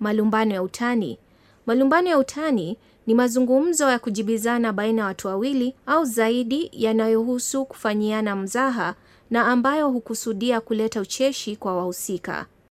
malumbano ya utani. Malumbano ya utani ni mazungumzo ya kujibizana baina ya watu wawili au zaidi yanayohusu kufanyiana mzaha na ambayo hukusudia kuleta ucheshi kwa wahusika.